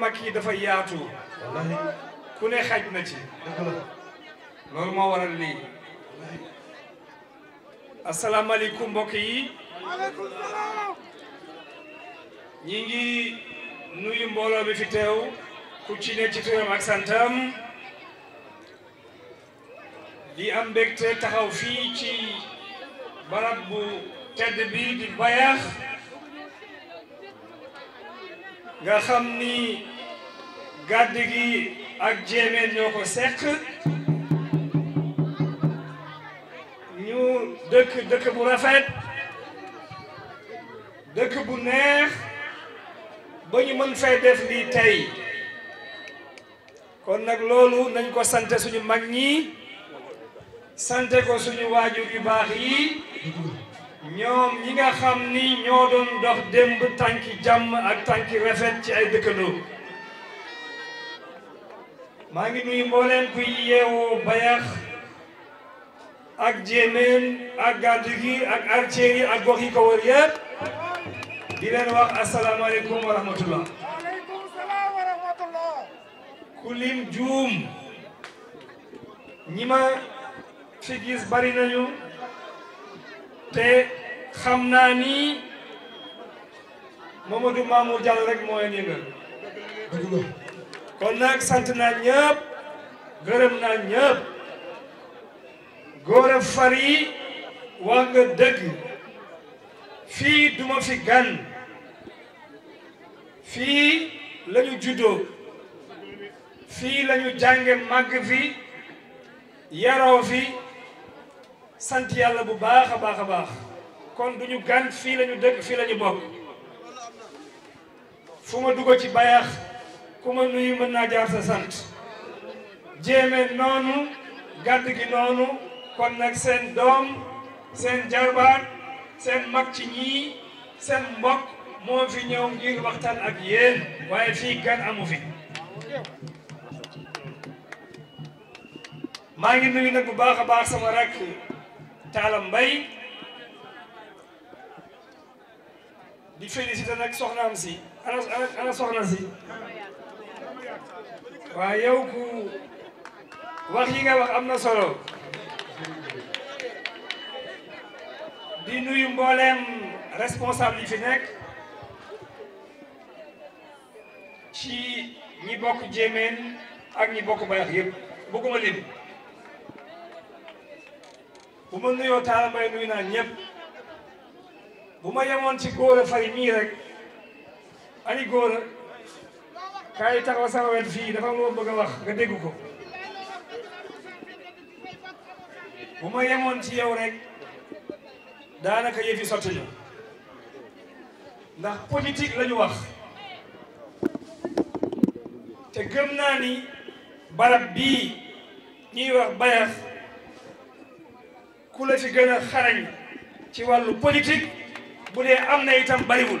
mag yi dafa yaatu ku ne xaj na ci loolu moo waral lii asalaamaaleykum mbokk yi ñi ngi nuyu mbooloo bi fi teew ku ci ne ci turam ak santam di am mbégte taxaw fii ci barab bu tedd bi di Bayakh nga xam ni gàdd gi ak jéemeen ñoo ko seq ñu dëkk dëkk bu rafet dëkk bu neex ba ñu mën fay def lii tey kon nag loolu nañ ko sante suñu mag ñi sante ko suñu waajur yu baax yi ñoom ñi nga xam ni ñoo doon dox démb tànki jàmm ak tànki rafet ci ay dëkkandoo maa ngi nuyu mbooleem kuy yeewoo bayax ak jéemeen ak gàddu ak arceer ak gox yi ko wër yëpp wax asalaamaaleykum wa rahmatullah ku lim juum ñi ma fi gis bari nañu te xam naa ni Mamadou Mamour Diallo rek moo leen yëngal kon nag sant naa ñëpp gërëm naa ñëpp góor far yi wax nga dëgg fii duma fi gan fii lañu juddoo fii lañu jànge màgg fi yaroo fi sant yàlla bu baax a baax a baax kon duñu gan fii lañu dëkk fii lañu bokk fu ma dugg ci bayax ku ma nuyu mën naa jaar sa sant jéeme noonu gàdd gi noonu kon nag seen doom seen jarbaat seen mag ci ñii seen mbokk moo fi ñëw ngir waxtaan ak yéen waaye fii gan amu fi maa ngi nuyu nag bu baax a baax sama rakk Talla Mbaye di félicité nag soxnaam si ana ana soxna si waaye yow ku wax yi nga wax am na solo di nuyu mbooleem responsable yi fi nekk ci ñi bokk jéemeen ak ñi bokk bayax yëpp bëgguma lim bu ma nuyoo taal mbay nuyu naa bu ma yemoon ci góor a fari mii rek ani góor kaay taxaw sama wet fii dafa am bëgg a wax nga dégg ko bu yemoon ci yow rek daanaka yëf yi sotti ndax politique la wax te gëm naa ni barab bii ñuy wax Bayax ku la ci gën a xarañ ci wàllu politique bu dee am na itam bariwul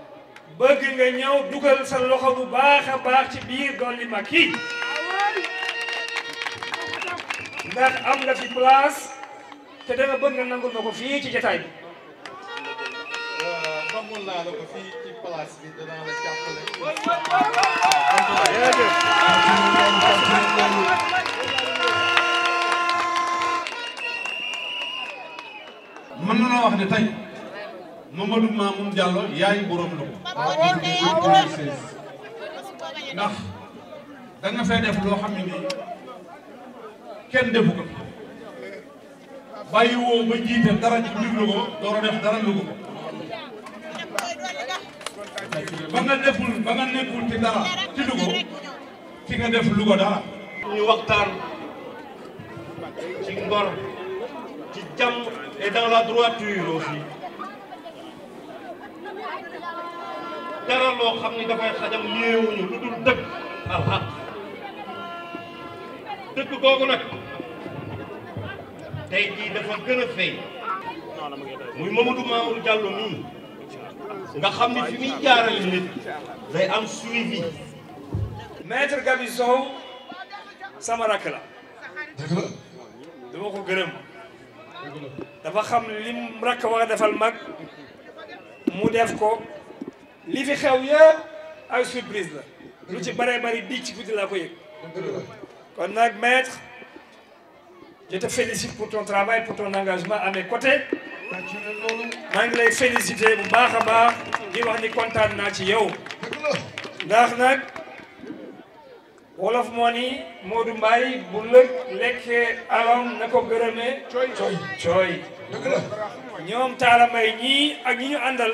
bëgg nga ñëw dugal sa loxo bu baax a baax ci biir dolli mag yi ndax am nga fi place te danga bëgg nga nangul ma ko fii ci jataay bi. Euh, nangul naa la ko fii ci place bi danaa la jàppale. mën na noo wax ne tey. Mamadou Mamoun Diallo yaay borom Louga. ndax da nga def loo xam ne nii kenn defu ko bàyyi woo ba jiite dara ci biir door def dara Louga ko. ba nga deful ba nga nekkul dara ci Louga ci nga def Louga dara. ñu waxtaan ci ngor ci jàmm et dans la droiture aussi. dara loo xam ni dafay xajam néewuñu lu dul dëkk alxaq nag tey jii dafa gën a fay muy Mamadou Mamour Diallo mii nga xam ni fi muy jaarale nit day am suivi. maître Gabi Sow sama rakk la. dëgg la. ko gërëm. dafa xam lim rakk war a defal mag mu def ko. li fi xew yëpp ay surprise la lu ci bare bari bii ci guddi la ko yëg kon nag maître je te félicite pour ton travail pour ton engagement à mes côtés maa ngi lay féliciter bu baax a baax di wax ni kontaan naa ci yow ndax nag wolof moo ni Modou Mbaye bu lëg lekkee alom na ko gërëmee cooy cooy ñoom taalamay ñii ak ñi ñu àndal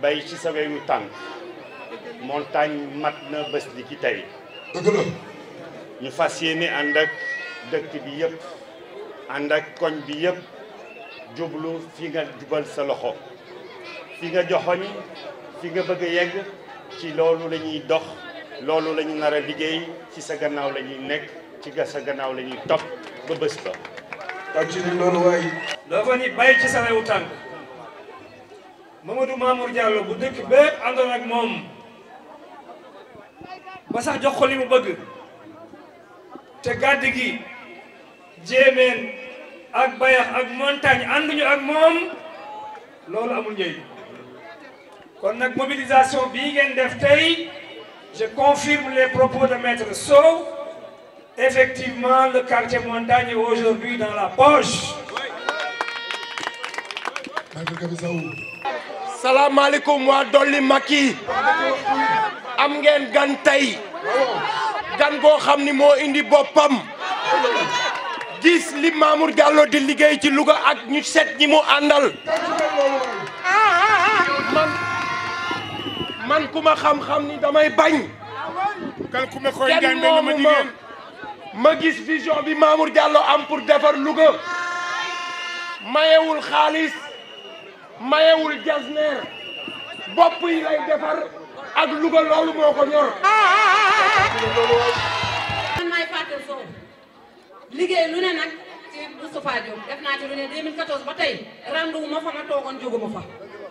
bay ci sa weyu tànk montagne mat na bés li ki tey dëgg la ñu fas yéene ànd ak dëkk bi yëpp ànd ak koñ bi yëpp jublu fi nga jubal sa loxo fi nga joxoñ fi nga bëgg a yegg ci loolu la ñuy dox loolu lañu ñu nar a liggéey ci sa gannaaw lañuy nekk ci ga gannaaw la ñuy topp ba bés ba. ak ci loolu waaye. dafa ni bay ci sa wewu Mamadou Mamour Diallo bu dëkk bépp àndoon ak mom ba sax jox ko limu mu bëgg te gàdd gi jéemeen ak bayax ak montagne ñu ak mom loolu amul njëriñ kon nak mobilisation bi ngeen def tay je confirme les propos de maître Sow effectivement le quartier montagne est aujourd'hui dans la poche. Maître Kabissaou. salaamaaleykum waa dolli Macky am ngeen gan tey gan goo xam ni moo indi boppam gis li Mamour Diallo di liggéey ci luga ak ñu set ñi mu àndal man ku ma xam-xam ni damay bañ kenn moomu ma gis vision bi Mamour Diallo am pour defar Louga mayewul xaalis mayewul jasneer bopp yi lay defar ak Louga loolu moo ko ñor. man liggéey lu ne nag ci Moustapha Diop def naa ci lu ne 2014 ba tey rendu wu ma fa ma toogoon jógu ma fa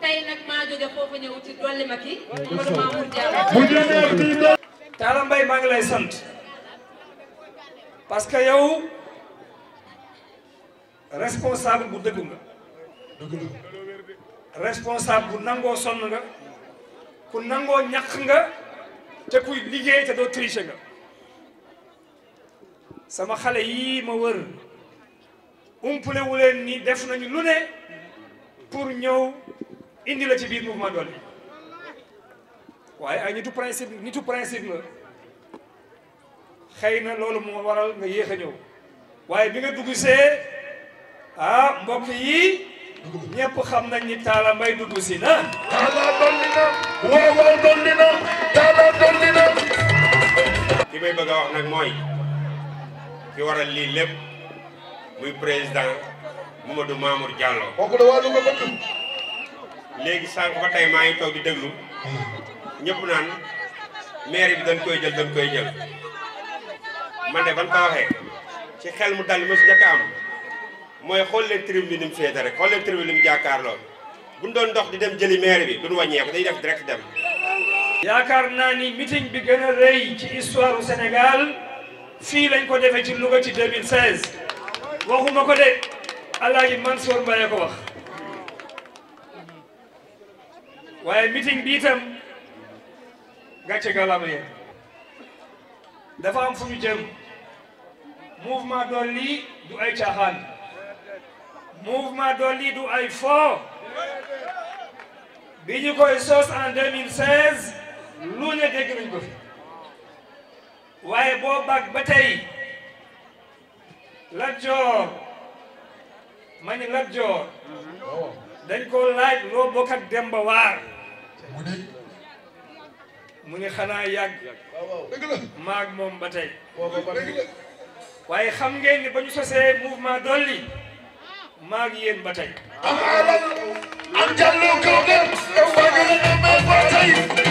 tey nag maa jóge foofu ñëw ci dolli ma kii. Mamadou Mamour Diallo. Talla Mbaye maa ngi lay sant parce que yow responsable bu dëgg responsable bu nangoo sonn nga ku nangoo ñàq nga te kuy liggéey te doo tricher nga sama xale yii ma wër umpule wu leen ni def nañu lu ne pour ñëw indi la ci biir mouvement Dolli waaye ay nitu principe nitu principe nga xëy na loolu moo waral nga yéex a ñëw waaye bi nga dugg see ah mbokk yi ñepp xam nañ ni taala mbay dugg si na taala dondina na waaw waaw dolli na taala dolli ki may bëgg wax nak moy ki waral li lepp muy président Mamadou Mamour Diallo kooku da walu ko bëgg légui sank ba tay maa ngi di déglu ñepp naan maire bi dañ koy jël dañ koy jël man de ban ko waxee ci xel mu dal mësu jaka am moy xol le tribune bi ni fete rek xol le tribune bi ni mu jàkkaarloo bu ñu doon dox di dem jëli maire bi duñ duñu ko day def direct dem. yakar na ni meeting bi gëna a ci histoire du Sénégal fi lañ ko défé ci Louga ci 2016 waxuma ko de El Hadj Mansour Mbaye ko wax waye meeting bi itam gàcce gàllam ye dafa am fuñu jëm mouvement Dolli du ay caaxaan. mouvement Dolli du ay fo bi ñu koy sos en 2016 lu ne dégg nañ ko fi waaye boo bag ba tey Lat Joor ma dañ ko laaj loo bokk ak Demba Waar mu ni xanaa yàgg maag moom ba tey waaye xam ngeen ba ñu sosee mouvement Dolli maa ngi yéen ba tey. am alal am jàllu kaw dem. am bëgg na ba tey.